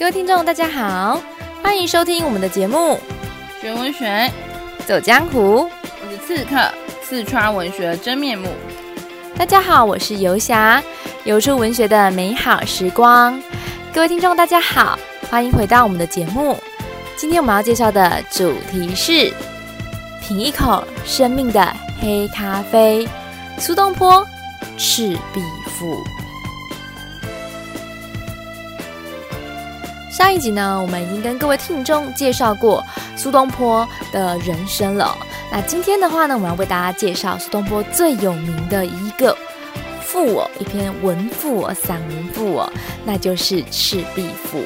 各位聽眾，大家好，歡迎收聽我們的節目《學文學走江湖》，我是刺客，刺穿文學的真面目。大家好，我是遊俠，游出文學的美好時光。各位聽眾，大家好，歡迎回到我們的節目。今天我們要介紹的主題是品一口生命的黑咖啡——蘇東坡《赤壁賦》。上一集呢，我們已經跟各位聽眾介紹過蘇東坡的人生了。那今天的話呢，我要為大家介紹蘇東坡最有名的一個賦喔，一篇文賦喔，散文賦喔，那就是《赤壁賦》。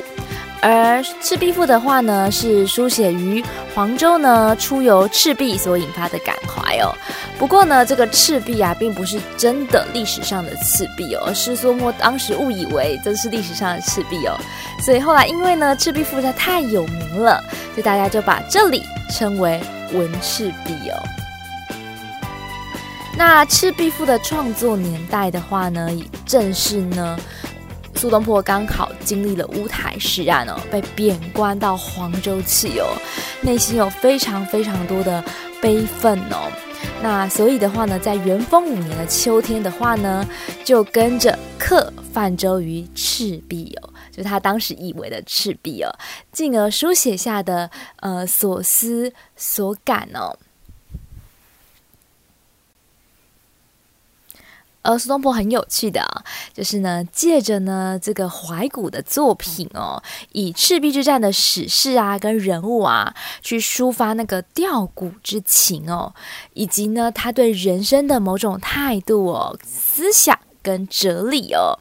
而《赤壁賦》的話呢，是書寫於黃州呢出遊赤壁所引發的感懷哦。不過呢，這個赤壁啊，並不是真的歷史上的赤壁哦，是蘇東坡當時誤以為這是歷史上的赤壁哦。所以後來因為呢，《赤壁賦》它太有名了，所以大家就把這裡稱為“文赤壁”哦。那《赤壁賦》的創作年代的話呢，也正是呢，蘇東坡剛好。經歷了烏台詩案哦，被貶官到黃州去哦，內心有非常非常多的悲憤哦。那所以的話呢，在元豐五年的秋天的話呢，就跟着客泛舟於赤壁哦，就他當時以為的赤壁哦，進而書寫下的呃所思所感哦。呃，蘇東坡很有趣的，哦，就是呢，借着呢這個懷古的作品哦，以赤壁之戰的史事啊，跟人物啊，去抒發那個弔古之情哦，以及呢他對人生的某種態度哦，思想跟哲理哦。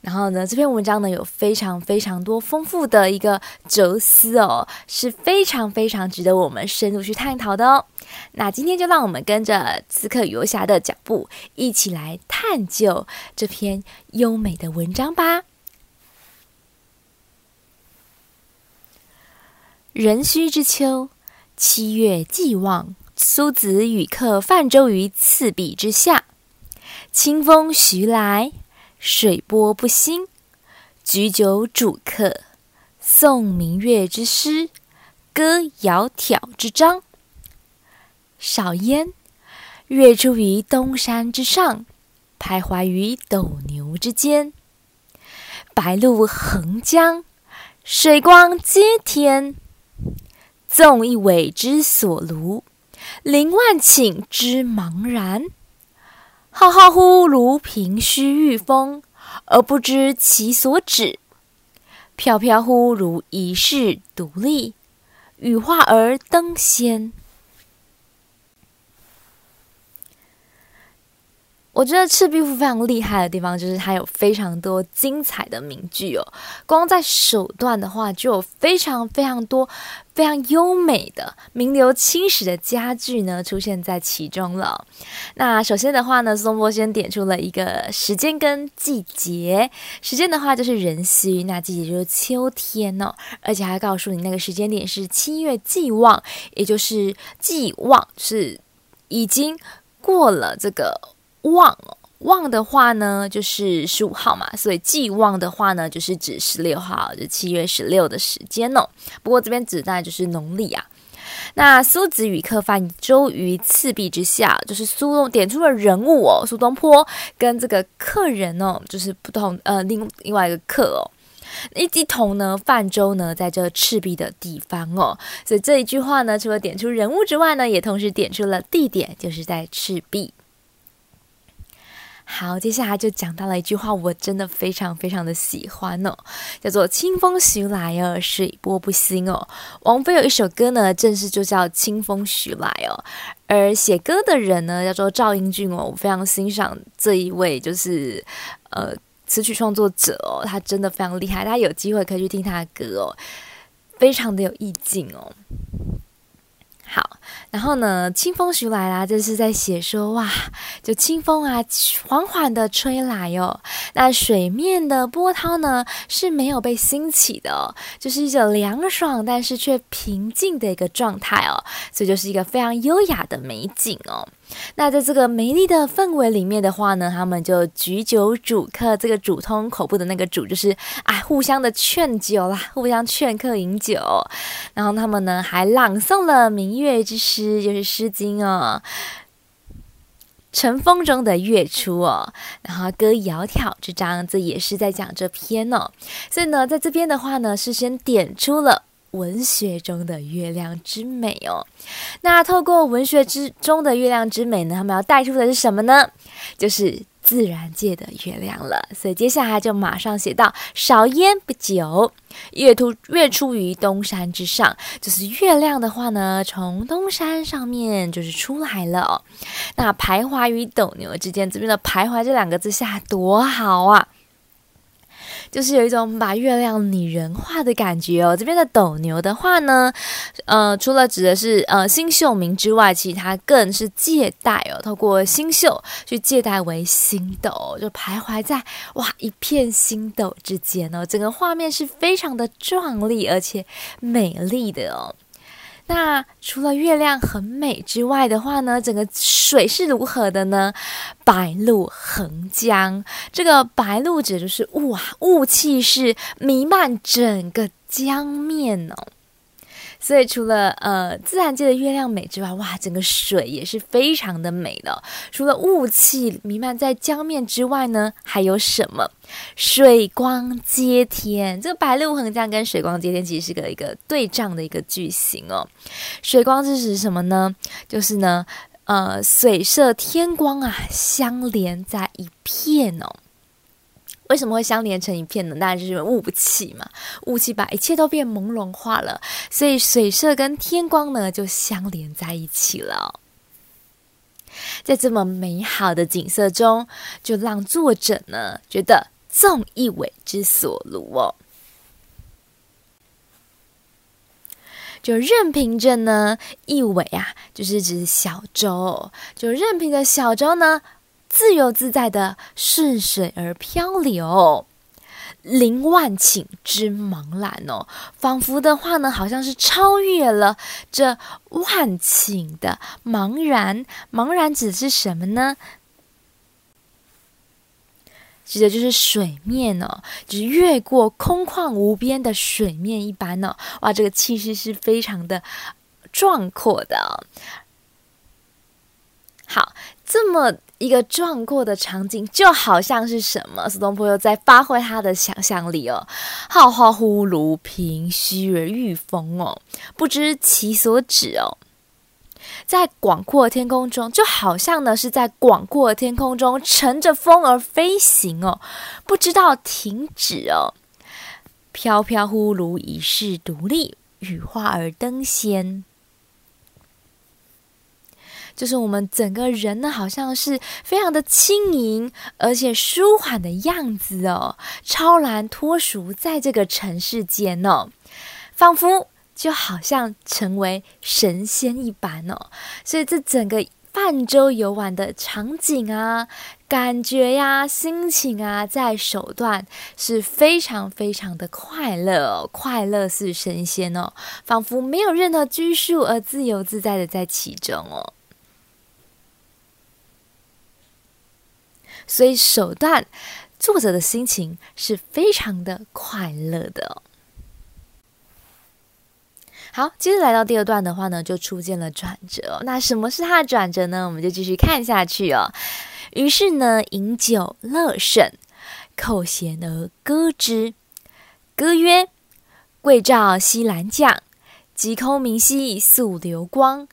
然後呢，這篇文章呢有非常非常多豐富的一個哲思哦，是非常非常值得我們深入去探討的哦。那今天就讓我們跟着刺客遊俠的腳步，一起來探究這篇優美的文章吧。壬戌之秋，七月既望，蘇子與客泛舟於赤壁之下。清風徐來，水波不興。舉酒屬客，誦明月之詩，歌窈窕之章。少焉，月出於東山之上，徘徊於斗牛之間。白露橫江，水光接天。縱一葦之所如，凌萬頃之茫然。浩浩乎如憑虛御風，而不知其所止；飄飄乎如遺世獨立，羽化而登仙。我覺得《赤壁賦》非常厲害的地方，就是它有非常多精彩的名句哦。光在首段的話，就有非常非常多、非常優美的、名留青史的佳句呢，出現在其中了。那首先的話呢，松波先點出了一個時間跟季節。時間的話就是壬戌，那季節就是秋天哦。而且還告訴你那個時間點是七月既望，也就是既望是已經過了這個。望哦，望的話呢，就是十五號嘛，所以既望的話呢，就是指十六號，就是七月十六的時間哦。不過這邊指代就是農曆啊。那蘇子與客泛舟於赤壁之下，就是蘇東點出了人物哦，蘇東坡跟這個客人哦，就是不同呃另另外一個客哦。一同呢，泛舟呢，在這赤壁的地方哦，所以這一句話呢，除了點出人物之外呢，也同時點出了地點，就是在赤壁。好，接下來就講到了一句話，我真的非常非常的喜歡哦，叫做“清風徐來哦，水波不興哦”。王菲有一首歌呢，正是就叫《清風徐來哦》，而寫歌的人呢叫做趙英俊哦，我非常欣賞這一位就是呃詞曲創作者哦，他真的非常厲害，大家有機會可以去聽他的歌哦，非常的有意境哦。然後呢，清風徐來啦、啊，這、就是在寫說哇，就清風啊，緩緩的吹來喲、哦。那水面的波濤呢，是沒有被興起的、哦，就是一種涼爽但是卻平靜的一個狀態哦，所以就是一個非常優雅的美景哦。那在這個美麗的氛圍裡面的話呢，他們就舉酒屬客，這個“屬”通口部的那個“囑”，就是啊，互相的勸酒啦，互相勸客飲酒。然後他們呢還朗誦了《明月之詩》，就是《詩經》哦，《陳風中的月出》哦，然後《歌窈窕之章》這張子也是在講這篇哦。所以呢，在這邊的話呢，是先點出了。文學中的月亮之美哦，那透過文學之中的月亮之美呢，他們要帶出的是什麼呢？就是自然界的月亮了。所以接下來就馬上寫到：少焉不久，月出月出於東山之上，就是月亮的話呢，從東山上面就是出來了。哦，那徘徊於斗牛之間，這邊的徘徊這兩個字下多好啊！就是有一種把月亮擬人化的感覺哦。這邊的斗牛的話呢，呃，除了指的是呃星宿名之外，其他更是借代哦。透過星宿去借代為星斗，就徘徊在哇一片星斗之間哦。整個畫面是非常的壯麗而且美麗的哦。那除了月亮很美之外的話呢，整個水是如何的呢？白露橫江，這個白露指的就是霧啊，霧氣是彌漫整個江面哦。所以，除了呃自然界的月亮美之外，哇，整個水也是非常的美呢，哦。除了霧氣瀰漫在江面之外呢，還有什麼？水光接天。這個白露橫江跟水光接天其實是個一個對仗的一個句型哦。水光是指什麼呢？就是呢，呃，水色天光啊，相連在一片哦。為什麼會相連成一片呢？那就是為霧氣嘛，霧氣把一切都變朦朧化了，所以水色跟天光呢就相連在一起了哦。在這麼美好的景色中，就讓作者呢覺得縱一葦之所如哦，就任憑着呢一葦啊，就是指小舟，就任憑着小舟呢。自由自在的順水而漂流，凌萬頃之茫然哦，仿佛的話呢，好像是超越了這萬頃的茫然。茫然指的是什麼呢？指的就是水面哦，就是越過空曠無邊的水面一般呢、哦。哇，這個氣勢是非常的壯闊的。好，這麼。一個壯闊的場景就好像是什麼？蘇東坡又在發揮他的想象力哦。浩浩乎如，憑虛而御風哦，不知其所止哦。在廣闊的天空中，就好像呢是在廣闊的天空中乘着風而飛行哦，不知道停止哦。飄飄乎如遺世獨立，羽化而登仙。就是我們整個人呢，好像是非常的輕盈，而且舒緩的樣子哦，超然脫俗在這個塵世間哦，仿佛就好像成為神仙一般哦。所以這整個泛舟遊玩的場景啊，感覺呀、啊，心情啊，在手段是非常非常的快樂、哦，快樂似神仙哦，仿佛沒有任何拘束而自由自在的在其中哦。所以，首段作者的心情是非常的快樂的、哦。好，接着來到第二段的話呢，就出現了轉折、哦。那什麼是它的轉折呢？我們就繼續看下去哦。於是呢，飲酒樂甚，扣舷而歌之。歌曰：“桂棹兮蘭槳，擊空明兮溯流光。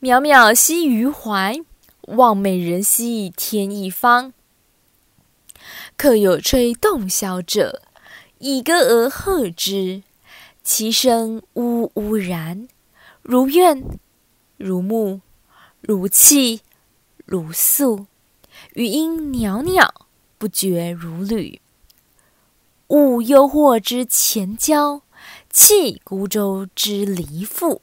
渺渺兮予懷，望美人兮天一方。”客有吹洞簫者，倚歌而和之。其聲嗚嗚然，如怨如慕，如泣如訴，餘音裊裊，不絕如縷。舞幽壑之潛蛟，泣孤舟之嫠婦。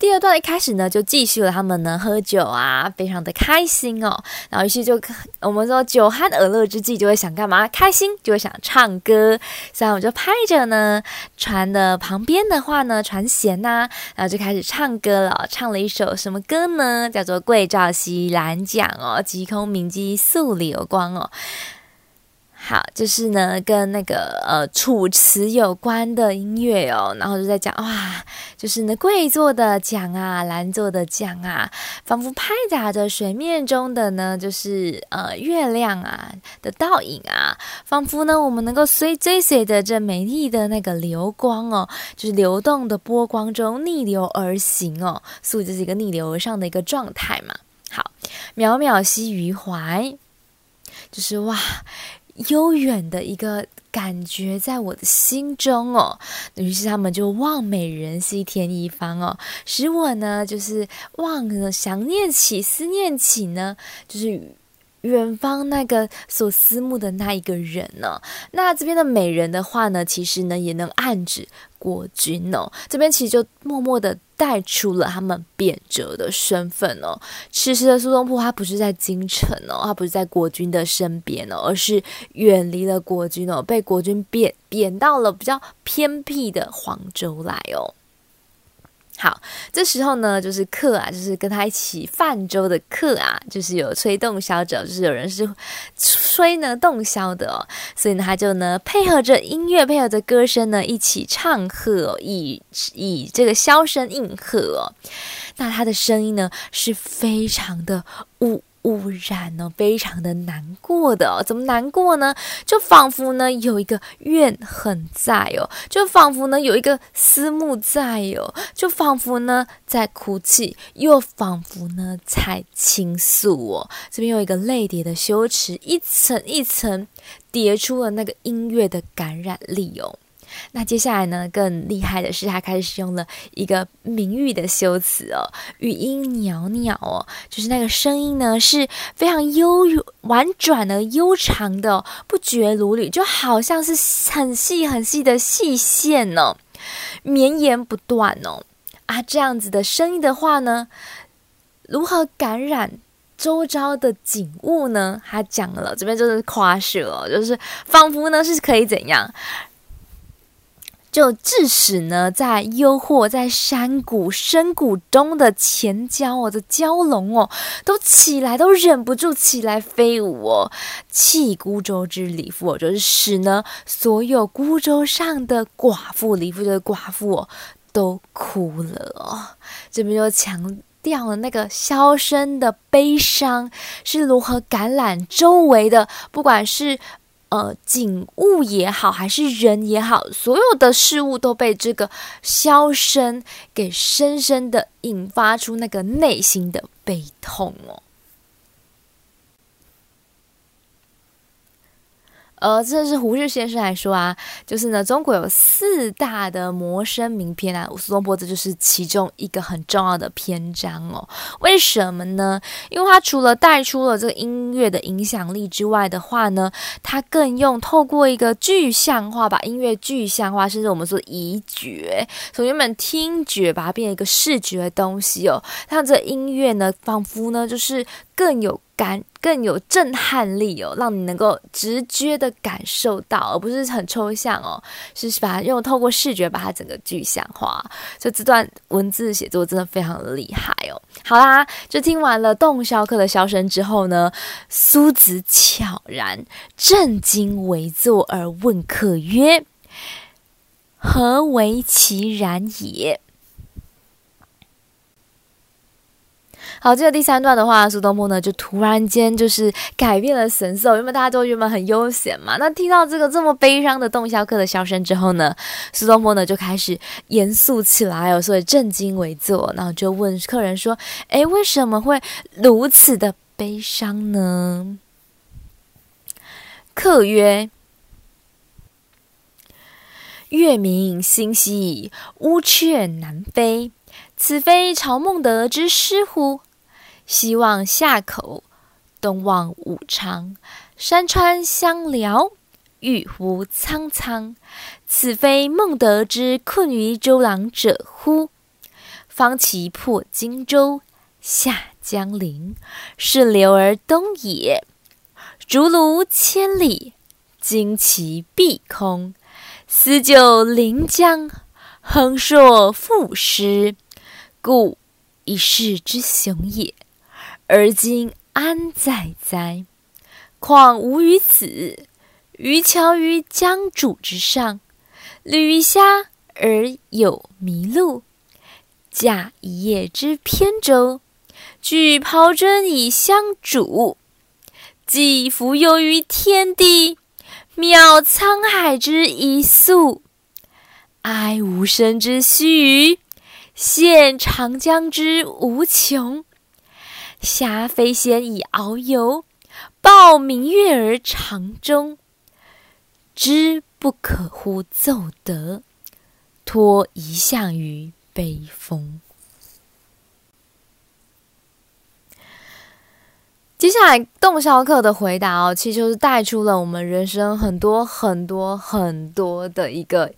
第二段一開始呢，就繼續了，他們呢喝酒啊，非常的開心哦。然後於是就我們說，酒酣耳熱之際，就會想幹嘛？開心就會想唱歌，所以我們就拍着呢船的旁邊的話呢船舷吶，然後就開始唱歌了。唱了一首什麼歌呢？叫做《桂棹兮蘭槳》哦，《擊空明兮溯流光》哦。好，就是呢，跟那個呃《楚辭》有關的音樂哦，然後就在講哇，就是呢，桂棹的槳啊，蘭槳的槳啊，仿佛拍打着水面中的呢，就是呃月亮啊的倒影啊，仿佛呢，我們能夠隨追隨,隨,隨的這美麗的那個流光哦，就是流動的波光中逆流而行哦，所以這是一個逆流而上的一個狀態嘛。好，渺渺兮予懷，就是哇。悠遠的一個感覺，在我的心中哦，於是他們就望美人兮天一方哦，使我呢就是望了想唸起、思念起呢，就是遠方那個所思慕的那一個人呢、哦。那這邊的美人的話呢，其實呢也能暗指國君哦，這邊其實就默默的。帶出了他們貶謫的身份哦。此時的蘇東坡他不是在京城哦，他不是在國君的身邊哦，而是遠離了國君哦，被國君貶貶到了比較偏僻的黃州來哦。好，這時候呢，就是客啊，就是跟他一起泛舟的客啊，就是有吹洞簫者，就是有人是吹呢洞簫的哦，所以呢，他就呢配合着音樂，配合着歌聲呢一起唱和哦，以以這個簫聲應和哦。那他的聲音呢，是非常的嗚。污染哦，非常的難過的哦，怎麼難過呢？就仿佛呢有一個怨恨在哦，就仿佛呢有一個思慕在哦，就仿佛呢在哭泣，又仿佛呢在傾訴哦。這邊有一個淚疊的修辭，一層一層疊出了那個音樂的感染力哦。那接下來呢？更厲害的是，他開始用了一個明喻的修辭哦，語音裊裊哦，就是那個聲音呢是非常悠遠婉轉的、悠長的、哦，不絕如縷，就好像是很細很細的細線哦，綿延不斷哦啊，這樣子的聲音的話呢，如何感染周遭的景物呢？他講了，這邊就是誇飾哦，就是仿佛呢是可以怎樣？就致使呢，在幽壑在山谷深谷中的潛蛟哦，這蛟龍哦，都起來，都忍不住起來飛舞哦，泣孤舟之嫠婦哦，就是使呢，所有孤舟上的寡婦嫠婦的寡婦哦，都哭了哦。這邊就強調了那個簫聲的悲傷是如何感染周圍的，不管是。呃，景物也好，還是人也好，所有的事物都被這個簫聲給深深地引發出那個內心的悲痛哦。呃，這是胡適先生來說啊，就是呢，中國有四大的摹聲名篇啊，蘇東坡這就是其中一個很重要的篇章哦。為什麼呢？因為它除了帶出了這個音樂的影響力之外的話呢，它更用透過一個具象化，把音樂具象化，甚至我們說移覺，從原本聽覺把它變成一個視覺的東西哦，讓這個音樂呢，仿佛呢就是更有。感更有震撼力哦，讓你能夠直覺的感受到，而不是很抽象哦，是吧？用透過視覺把它整個具象化，就這段文字寫作真的非常的厲害哦。好啦，就聽完了洞簫客的簫聲之後呢，蘇子愀然，正襟危坐而問客曰：“何為其然也？”好，這個第三段的話，蘇東坡呢就突然間就是改變了神色，因為大家都原本很悠閒嘛。那聽到這個這麼悲傷的洞簫客的簫聲之後呢，蘇東坡呢就開始嚴肅起來哦，所以正襟危坐，然後就問客人說：“誒，為什麼會如此的悲傷呢？”客曰：“月明星稀，烏鵲南飛，此非曹孟德之詩乎？”西望夏口，東望武昌，山川相繆，鬱乎蒼蒼。此非孟德之困於周郎者乎？方其破荊州，下江陵，順流而東也。舳艫千里，旌旗蔽空，釃酒臨江，橫槊賦詩，故一世之雄也。而今安在哉？況吾與子漁樵於江渚之上，侶魚蝦而友麋鹿，駕一葉之扁舟，舉匏樽以相屬。寄蜉蝣於天地，渺滄海之一粟。哀吾生之須臾，羨長江之無窮。挾飛仙以遨遊，抱明月而長終。知不可乎驟得，托遺響於悲風。接下來，洞簫客的回答哦，其實就是帶出了我們人生很多很多很多的一個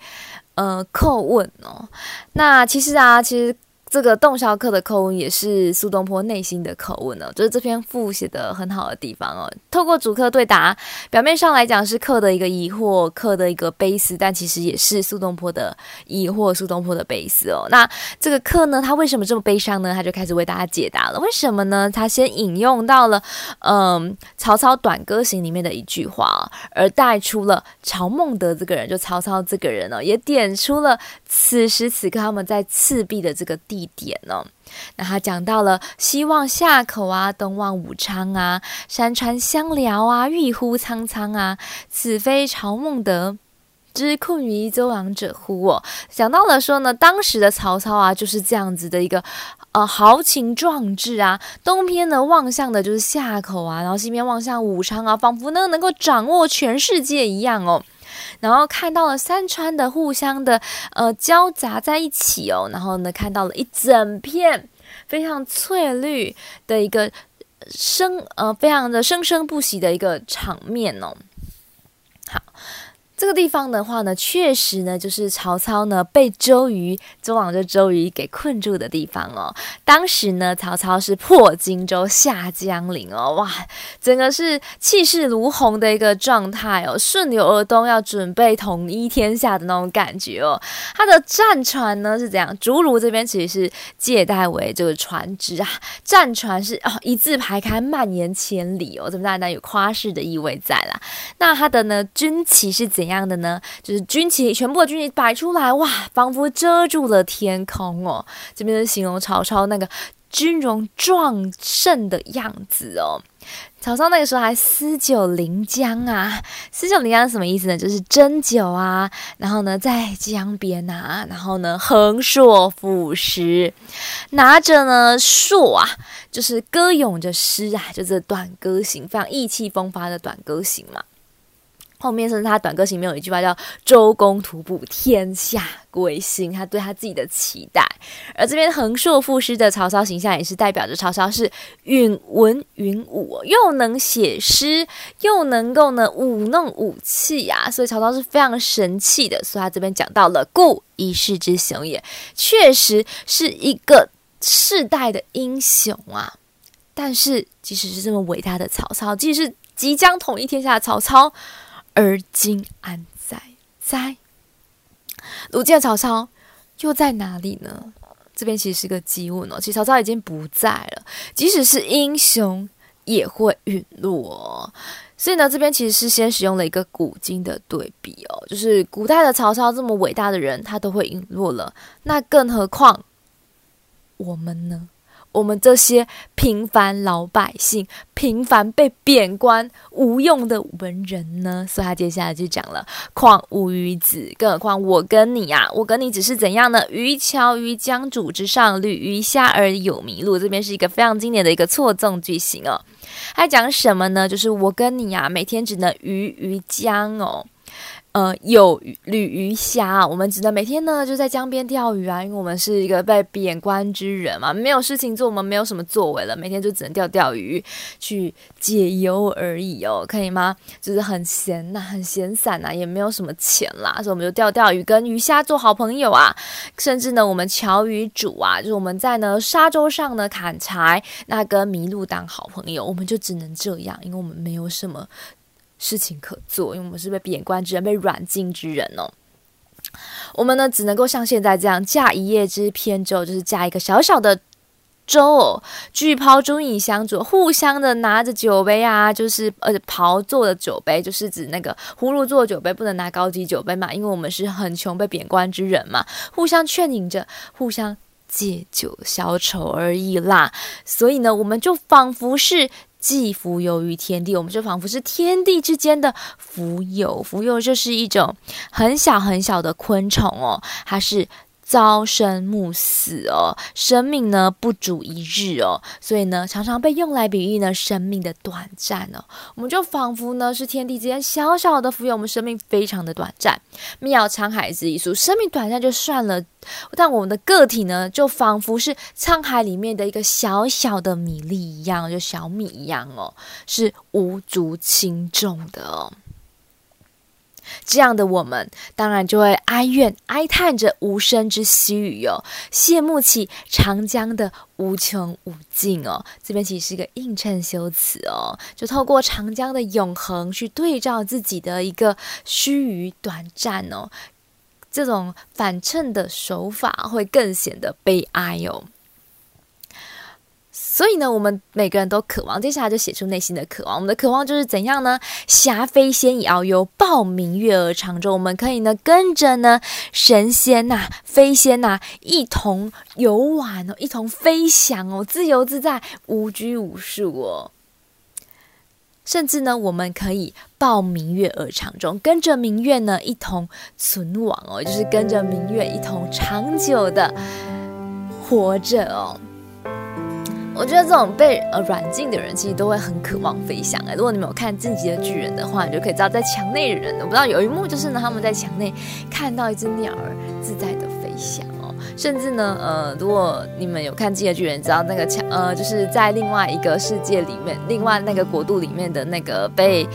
呃叩問哦。那其實啊，其實。這個洞簫客的口吻也是蘇東坡內心的口吻呢、哦，就是這篇賦寫的很好的地方哦。透過主客對答，表面上來講是客的一個疑惑，客的一個悲思，但其實也是蘇東坡的疑惑，蘇東坡的悲思哦。那這個客呢，他為什麼這麼悲傷呢？他就開始為大家解答了。為什麼呢？他先引用到了嗯曹操《短歌行》裡面的一句話、哦，而帶出了曹孟德這個人，就曹操這個人呢、哦，也點出了此時此刻他們在赤壁的這個地。一點呢、哦，那他講到了西望夏口啊，東望武昌啊，山川相繆啊，鬱乎蒼蒼啊，此非曹孟德之困於周郎者乎、哦？我想到了說呢，當時的曹操啊，就是這樣子的一個呃豪情壯志啊，東邊呢望向的就是夏口啊，然後西邊望向武昌啊，仿佛呢能夠掌握全世界一樣哦。然後看到了山川的互相的呃交雜在一起哦，然後呢看到了一整片非常翠綠的一個生呃非常的生生不息的一個場面哦。好。這個地方的話呢，確實呢，就是曹操呢被周瑜、周郎這周瑜給困住的地方哦。當時呢，曹操是破荊州下江陵哦，哇，整個是氣勢如虹的一個狀態哦，順流而東要準備統一天下的那種感覺哦。他的戰船呢是怎樣？舳艫這邊其實是借代為這個船只啊，戰船是哦一字排開蔓延千里哦，這麼大有誇飾的意味在啦。那他的呢軍旗是怎樣？樣的呢，就是軍旗全部的軍旗擺出來，哇，仿佛遮住了天空哦。這邊是形容曹操那個軍容壯盛的樣子哦。曹操那個時候還釃酒臨江啊，釃酒臨江是什麼意思呢？就是斟酒，啊，然後呢在江邊啊，然後呢橫槊賦詩，拿着呢槊啊，就是歌詠着詩啊，就是《短歌行》，非常意氣風發的《短歌行》嘛。後面是他《短歌行》裡面有一句話叫“周公吐哺，天下歸心”，他對他自己的期待。而這邊橫槊賦詩的曹操形象，也是代表着曹操是允文允武，又能寫詩，又能夠呢舞弄武器啊，所以曹操是非常神氣的。所以他這邊講到了“固一世之雄也”，確實是一個世代的英雄啊。但是，即使是這麼偉大的曹操，即使是即將統一天下的曹操。而今安在哉？如今的曹操又在哪裡呢？這邊其實是個激問哦，其實曹操已經不在了，即使是英雄也會隕落哦，所以呢，這邊其實是先使用了一個古今的對比哦，就是古代的曹操這麼偉大的人，他都會隕落了，那更何況我們呢？我們這些平凡老百姓、平凡被貶官、無用的文人呢？所以他接下來就講了：“況吾與子，更何況我跟你呀、啊？我跟你只是怎樣呢？漁樵於江渚之上，侶魚蝦而友麋鹿。這邊是一個非常經典的一個錯綜句型哦。還講什麼呢？就是我跟你呀、啊，每天只能魚魚江哦。”呃，有侶魚蝦，我們只能每天呢就在江邊釣魚啊，因為我們是一個被貶官之人嘛，沒有事情做，我們沒有什麼作為了，每天就只能釣釣魚去解憂而已哦，可以嗎？就是很閒吶、啊，很閒散吶、啊，也沒有什麼錢啦，所以我們就釣釣魚，跟魚蝦做好朋友啊，甚至呢，我們樵漁渚啊，就是我們在呢沙洲上呢砍柴，那跟、個、麋鹿當好朋友，我們就只能這樣，因為我們沒有什麼。事情可做，因為我們是被貶官之人，被軟禁之人哦。我們呢，只能夠像現在這樣，駕一葉之扁舟，就是駕一個小小的舟哦，舉匏樽以相屬，互相的拿着酒杯啊，就是呃匏做的酒杯，就是指那個葫蘆做的酒杯，不能拿高級酒杯嘛，因為我們是很窮，被貶官之人嘛，互相勸飲着，互相借酒消愁而已啦。所以呢，我們就仿佛是。寄蜉蝣於天地，我們就仿佛是天地之間的蜉蝣。蜉蝣就是一種很小很小的昆蟲哦，它是。朝生暮死哦，生命呢不足一日哦，所以呢常常被用來比喻呢生命的短暫哦。我們就仿佛呢是天地之間小小的蜉蝣，我們生命非常的短暫，渺滄海之一粟。生命短暫就算了，但我們的個體呢就仿佛是滄海裡面的一個小小的米粒一樣，就小米一樣哦，是無足輕重的哦。這樣的我們，當然就會哀怨、哀嘆着吾生之須臾哦，羨慕起長江的無窮無盡哦。這邊其實是一個映襯修辭哦，就透過長江的永恆去對照自己的一個須臾短暫哦，這種反襯的手法會更顯得悲哀哦。所以呢，我們每個人都渴望，接下來就寫出內心的渴望。我們的渴望就是怎樣呢？挾飛仙以遨遊，抱明月而長終。我們可以呢，跟着呢神仙吶、啊、飛仙吶、啊，一同遊玩哦，一同飛翔哦，自由自在，無拘無束哦。甚至呢，我們可以抱明月而長終，跟着明月呢，一同存亡哦，就是跟着明月一同長久的活着哦。我覺得這種被呃軟禁的人，其實都會很渴望飛翔，欸。哎，如果你們有看《進擊的巨人》的話，你就可以知道，在牆內的人，我不知道有一幕就是呢，他們在牆內看到一隻鳥兒自在的飛翔哦。甚至呢，呃，如果你們有看《進擊的巨人》，知道那個牆呃，就是在另外一個世界裡面，另外那個國度裡面的那個被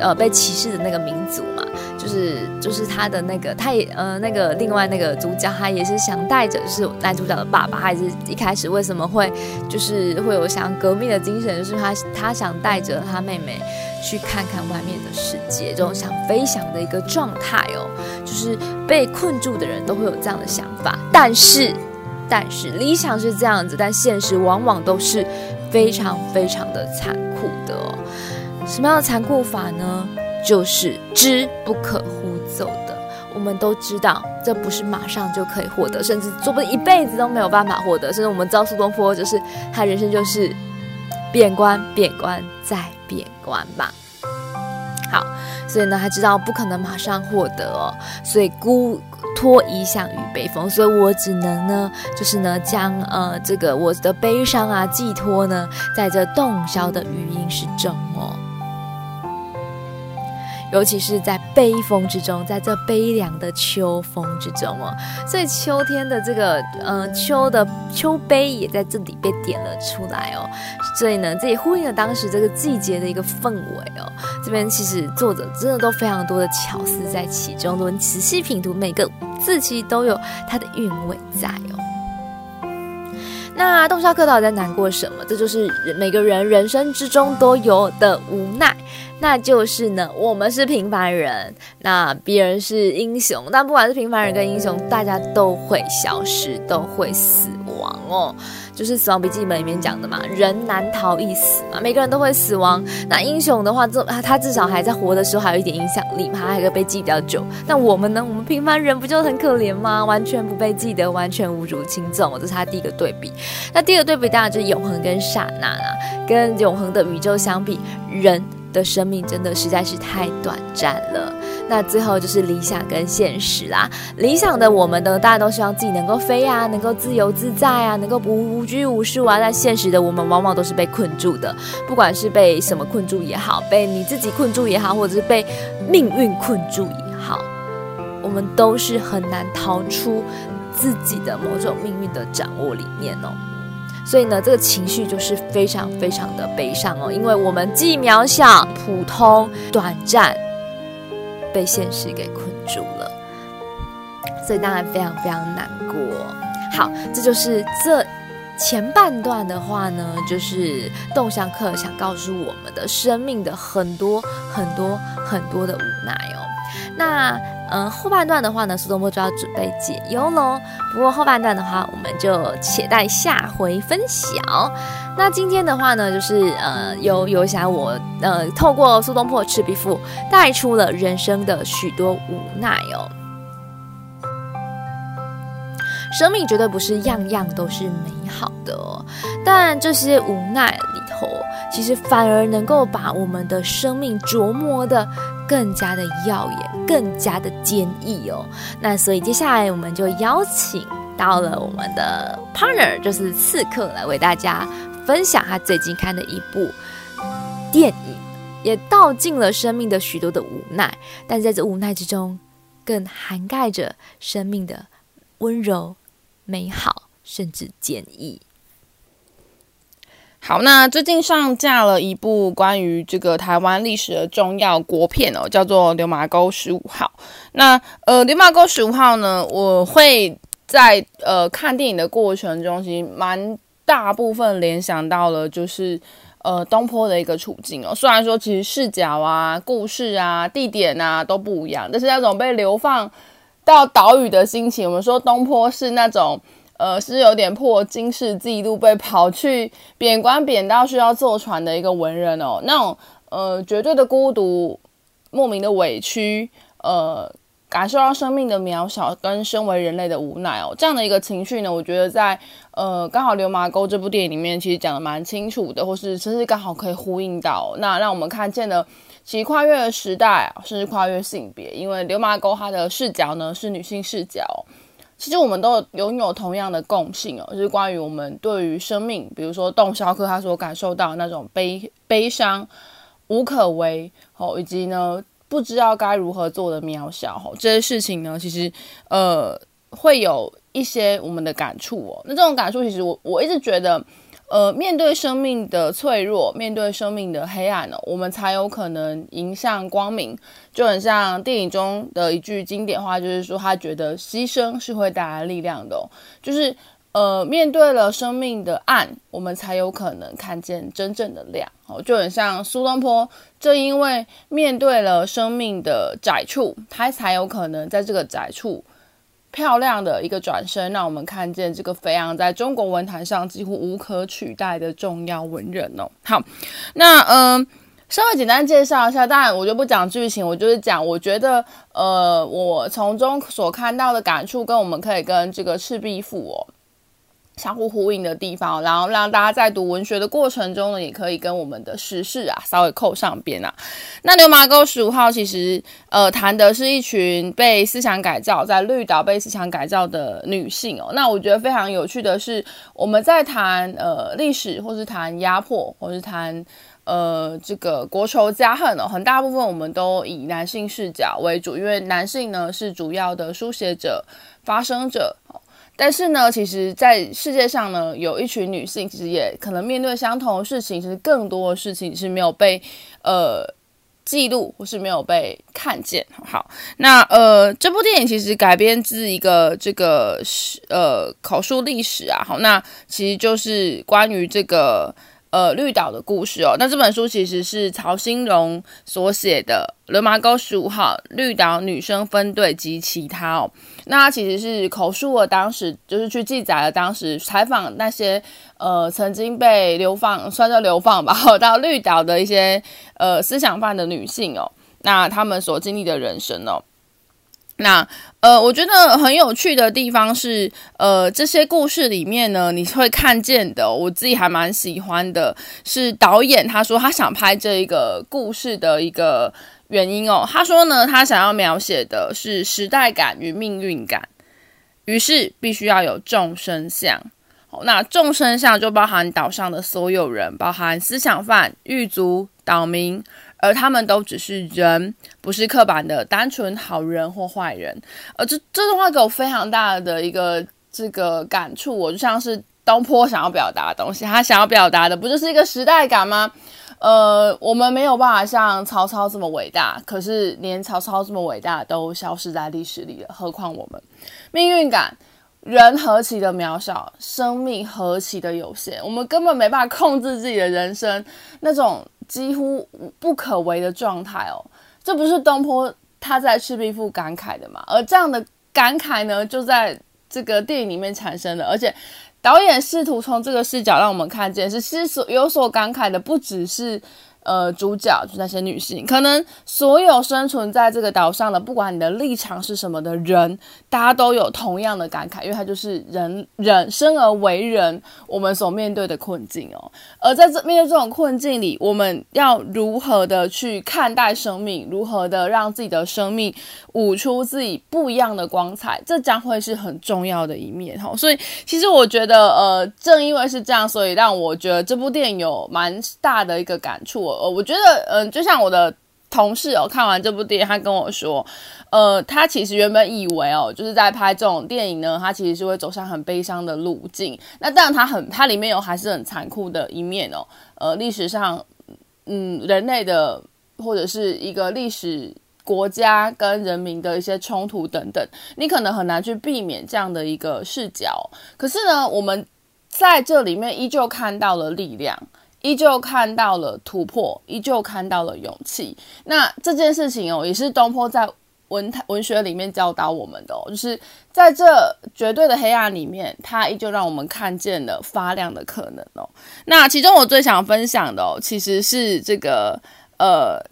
呃被歧視的那個民族嘛。就是就是他的那個，他也呃那個另外那個主角，他也是想帶着、就是男主角的爸爸，還是一開始為什麼會就是會有想革命的精神，就是他他想帶着他妹妹去看看外面的世界，這種想飛翔的一個狀態哦，就是被困住的人都會有這樣的想法，但是但是理想是這樣子，但現實往往都是非常非常的殘酷的，哦，什麼樣的殘酷法呢？就是知不可乎驟得，我們都知道，這不是馬上就可以獲得，甚至說，不定一輩子都沒有辦法獲得。甚至我們知道蘇東坡就是他人生就是貶官、貶官再貶官吧。好，所以呢，他知道不可能馬上獲得哦，所以孤托遺響於悲風，所以我只能呢，就是呢將呃這個我的悲傷啊寄托呢在這洞簫的餘音之中哦。尤其是在悲風之中，在這悲涼的秋風之中哦，所以秋天的這個，嗯、呃，秋的秋悲也在這裡被點了出來哦。所以呢，這也呼應了當時這個季節的一個氛圍哦。這邊其實作者真的都非常多的巧思在其中，如果你仔細品讀每個字，其實都有它的韻味在哦。那洞簫客到底在難過什麼？這就是每個人人生之中都有的無奈。那就是呢，我們是平凡人，那別人是英雄。但不管是平凡人跟英雄，大家都會消失，都會死亡哦。就是《死亡筆記本》裡面講的嘛，人難逃一死嘛，每個人都會死亡。那英雄的話，這他至少還在活的時候還有一點影響力嘛，他還會被記比較久。那我們呢，我們平凡人不就很可憐嗎？完全不被記得，完全無足輕重。這是他第一個對比。那第二個對比當然就是永恆跟剎那啦，跟永恆的宇宙相比，人。的生命真的實在是太短暫了。那最後就是理想跟現實啦。理想的我們呢，大家都希望自己能夠飛啊，能夠自由自在啊，能夠無無拘無束啊。但現實的我們往往都是被困住的，不管是被什麼困住也好，被你自己困住也好，或者是被命運困住也好，我們都是很難逃出自己的某種命運的掌握裡面哦。所以呢，這個情緒就是非常非常的悲傷哦，因為我們既渺小、普通、短暫，被現實給困住了，所以當然非常非常難過哦。好，這就是這前半段的話呢，就是洞簫客想告訴我們的生命的很多很多很多的無奈哦。那。嗯，後半段的話呢，蘇東坡就要準備解憂嘍。不過後半段的話，我們就且待下回分享。那今天的話呢，就是呃，由遊俠我呃，透過蘇東坡《赤壁賦》，帶出了人生的許多無奈哦。生命絕對不是樣樣都是美好的哦，但這些無奈裡頭，其實反而能夠把我們的生命琢磨的。更加的耀眼，更加的堅毅哦。那所以接下來我們就邀請到了我們的 partner，就是刺客，來為大家分享他最近看的一部電影，也道盡了生命的許多的無奈，但在這無奈之中，更涵蓋着生命的溫柔、美好，甚至堅毅。好，那最近上架了一部關於這個台灣歷史的重要國片哦，叫做《流麻溝十五號》。那呃，《流麻溝十五號》呢，我會在呃看電影的過程中，其實蠻大部分聯想到了就是呃東坡的一個處境哦。雖然說其實視角啊、故事啊、地點啊都不一樣，但是那種被流放到島嶼的心情，我們說東坡是那種。呃，是有點破金氏紀錄，被跑去貶官貶到需要坐船的一個文人哦，那種呃絕對的孤獨、莫名的委屈，呃感受到生命的渺小跟身為人類的無奈哦，這樣的一個情緒呢，我覺得在呃剛好《流麻溝》這部電影裡面其實講得蠻清楚的，或是甚至剛好可以呼應到，那讓我們看見了，其實跨越了時代、啊，甚至跨越性別，因為《流麻溝》它的視角呢是女性視角。其實我們都有擁有同樣的共性哦，就是關於我們對於生命，比如說洞簫客，他所感受到的那種悲悲傷、無可為吼、哦，以及呢不知道該如何做的渺小、哦、這些事情呢，其實呃會有一些我們的感觸哦。那這種感觸，其實我我一直覺得。呃，面對生命的脆弱，面對生命的黑暗呢，我們才有可能迎向光明。就很像電影中的一句經典話，就是說他覺得犧牲是會帶來力量的。就是呃，面對了生命的暗，我們才有可能看見真正的亮。哦，就很像蘇東坡，正因為面對了生命的窄處，他才有可能在這個窄處。漂亮的一個轉身，讓我們看見這個飛揚在中國文壇上幾乎無可取代的重要文人哦。好，那嗯、呃，稍微簡單介紹一下，當然我就不講劇情，我就是講，我覺得呃，我從中所看到的感觸，跟我們可以跟這個《赤壁賦》哦。相互呼應的地方，然後讓大家在讀文學的過程中呢，也可以跟我們的時事啊稍微扣上邊啊。那流麻溝十五號其實，呃，談的是一群被思想改造在綠島被思想改造的女性哦。那我覺得非常有趣的是，我們在談呃歷史，或是談壓迫，或是談呃這個國仇家恨哦。很大部分我們都以男性視角為主，因為男性呢是主要的書寫者、發生者。但是呢，其實，在世界上呢，有一群女性，其實也可能面對相同的事情，其實更多的事情是沒有被呃記錄，或是沒有被看見。好，那呃，這部電影其實改編自一個這個呃口述歷史啊。好，那其實就是關於這個。呃，綠島的故事哦，那這本書其實是曹新榮所寫的《流麻溝十五號綠島女生分隊及其他》哦，那其實是口述了當時，就是去記載了當時採訪那些呃曾經被流放，算是流放吧，到綠島的一些呃思想犯的女性哦，那他們所經歷的人生哦。那呃，我覺得很有趣的地方是，呃，這些故事裡面呢，你會看見的。我自己還蠻喜歡的，是導演他說他想拍這一個故事的一個原因哦。他說呢，他想要描寫的是時代感與命運感，於是必須要有眾生相。那眾生相就包含島上的所有人，包含思想犯、獄卒、島民。而他們都只是人，不是刻板的單純好人或壞人。而這這段話給我非常大的一個這個感觸，我就像是東坡想要表達的東西。他想要表達的不就是一個時代感嗎？呃，我們沒有辦法像曹操這麼偉大，可是連曹操這麼偉大都消失在歷史裡了，何況我們？命運感。人何其的渺小，生命何其的有限，我們根本沒辦法控制自己的人生，那種幾乎不可為的狀態哦，這不是東坡他在《赤壁賦》感慨的嗎？而這樣的感慨呢，就在這個電影裡面產生了，而且導演試圖從這個視角讓我們看見，是有所有所感慨的，不只是呃主角，就那些女性，可能所有生存在這個島上的，不管你的立場是什麼的人。大家都有同樣的感慨，因為它就是人人生而為人，我們所面對的困境哦。而在這面對這種困境裡，我們要如何的去看待生命，如何的讓自己的生命舞出自己不一樣的光彩，這將會是很重要的一面哈、哦。所以，其實我覺得，呃，正因為是這樣，所以讓我覺得這部電影有蠻大的一個感觸、哦。呃，我覺得，嗯、呃，就像我的。同事哦，看完這部電影，他跟我說，呃，他其實原本以為哦，就是在拍這種電影呢，他其實是會走上很悲傷的路徑。那這樣他很，他裡面有還是很殘酷的一面哦。呃，歷史上，嗯，人類的或者是一個歷史國家跟人民的一些衝突等等，你可能很難去避免這樣的一個視角。可是呢，我們在這裡面依舊看到了力量。依舊看到了突破，依舊看到了勇氣。那這件事情哦，也是東坡在文文學裡面教導我們的哦，就是在這絕對的黑暗裡面，它依舊讓我們看見了發亮的可能哦。那其中我最想分享的哦，其實是這個呃，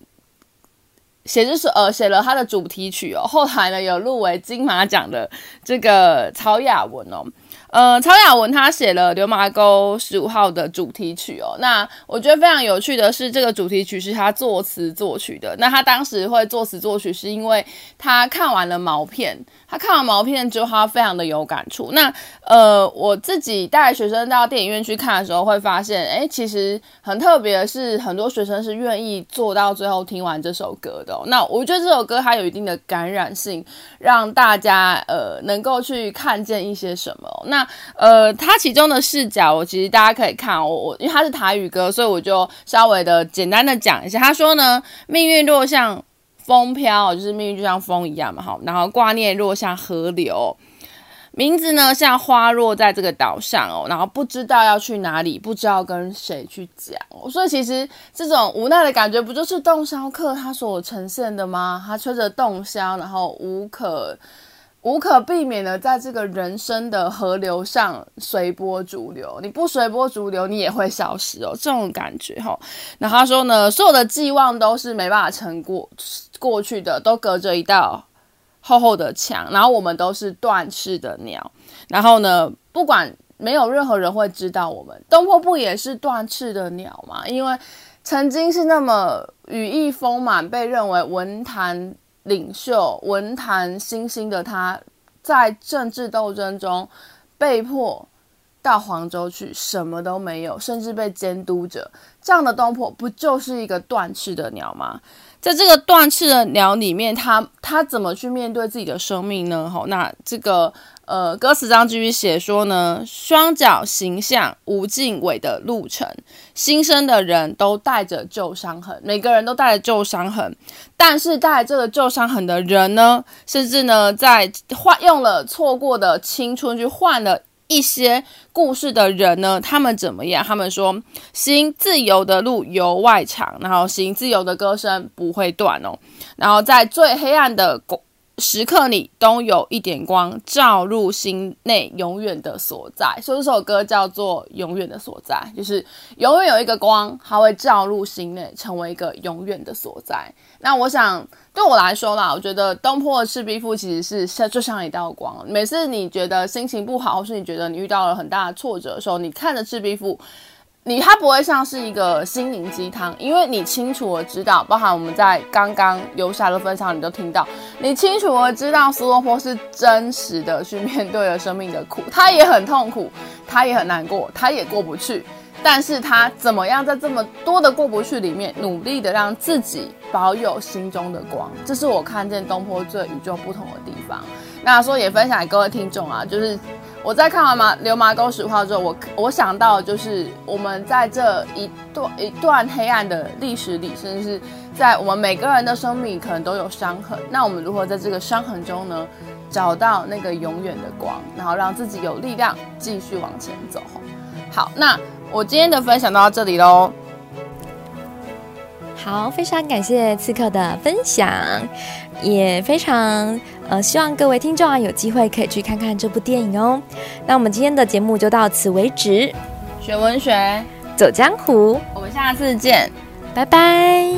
寫就是呃寫了他的主題曲哦，後來呢有入圍金馬獎的這個曹雅文哦。呃，曹雅雯她寫了《流麻溝十五號》的主題曲哦。那我覺得非常有趣的是，這個主題曲是她作詞作曲的。那她當時會作詞作曲，是因為他看完了毛片。他看完毛片之後，他非常的有感觸。那呃，我自己帶學生到電影院去看的時候，會發現，哎、欸，其實很特別的是，很多學生是願意做到最後聽完這首歌的、哦。那我覺得這首歌它有一定的感染性，讓大家呃能夠去看見一些什麼。那那呃，他其中的視角，我其實大家可以看我，我因為他是台語歌，所以我就稍微的簡單的講一下。他說呢，命運若像風飄，就是命運就像風一樣嘛，好，然後掛念若像河流，名字呢像花落在這個島上哦，然後不知道要去哪裡，不知道跟誰去講，所以其實這種無奈的感覺，不就是洞簫客他所呈現的嗎？他吹着洞簫，然後無可。無可避免的，在這個人生的河流上隨波逐流。你不隨波逐流，你也會消失哦。這種感覺哈、哦。然後他說呢，所有的寄望都是沒辦法成過過去的，都隔着一道厚厚的牆。然後我們都是斷翅的鳥。然後呢，不管沒有任何人會知道我們。東坡不也是斷翅的鳥嗎？因為曾經是那麼羽翼豐滿，被認為文壇。領袖文壇新星的他，在政治鬥爭中被迫到黃州去，什麼都沒有，甚至被監督着。這樣的東坡不就是一個斷翅的鳥嗎？在這個斷翅的鳥裡面，他他怎麼去面對自己的生命呢？哈、哦，那這個。呃，歌詞上繼續寫說呢，雙腳形象，無盡尾的路程，新生的人都帶着舊傷痕，每個人都帶着舊傷痕，但是帶這個舊傷痕的人呢，甚至呢，在換用了錯過的青春去換了一些故事的人呢，他們怎麼樣？他們說，行自由的路由外場，然後行自由的歌聲不會斷哦，然後在最黑暗的。時刻你都有一點光照入心內，永遠的所在。所以這首歌叫做《永遠的所在》，就是永遠有一個光，它會照入心內，成為一個永遠的所在。那我想對我來說啦，我覺得東坡的《赤壁賦》其實是像就像一道光。每次你覺得心情不好，或是你覺得你遇到了很大的挫折的時候，你看着《赤壁賦》。你他不會像是一個心靈雞湯，因為你清楚而知道，包含我們在剛剛遊俠的分享，你都聽到，你清楚而知道，蘇東坡是真實的去面對了生命的苦，他也很痛苦，他也很難過，他也過不去，但是他怎麼樣在這麼多的過不去裡面，努力的讓自己保有心中的光，這是我看見東坡最與眾不同的地方。那說也分享給各位聽眾啊，就是。我在看完《馬流麻溝十五號》之後，我我想到就是我們在這一段一段黑暗的歷史裡，甚至是在我們每個人的生命可能都有傷痕。那我們如何在這個傷痕中呢，找到那個永遠的光，然後讓自己有力量繼續往前走？好，那我今天的分享到這裡嘍。好，非常感謝刺客的分享，也非常呃，希望各位聽眾啊，有機會可以去看看這部電影哦。那我們今天的節目就到此為止，學文學，走江湖，我們下次見，拜拜。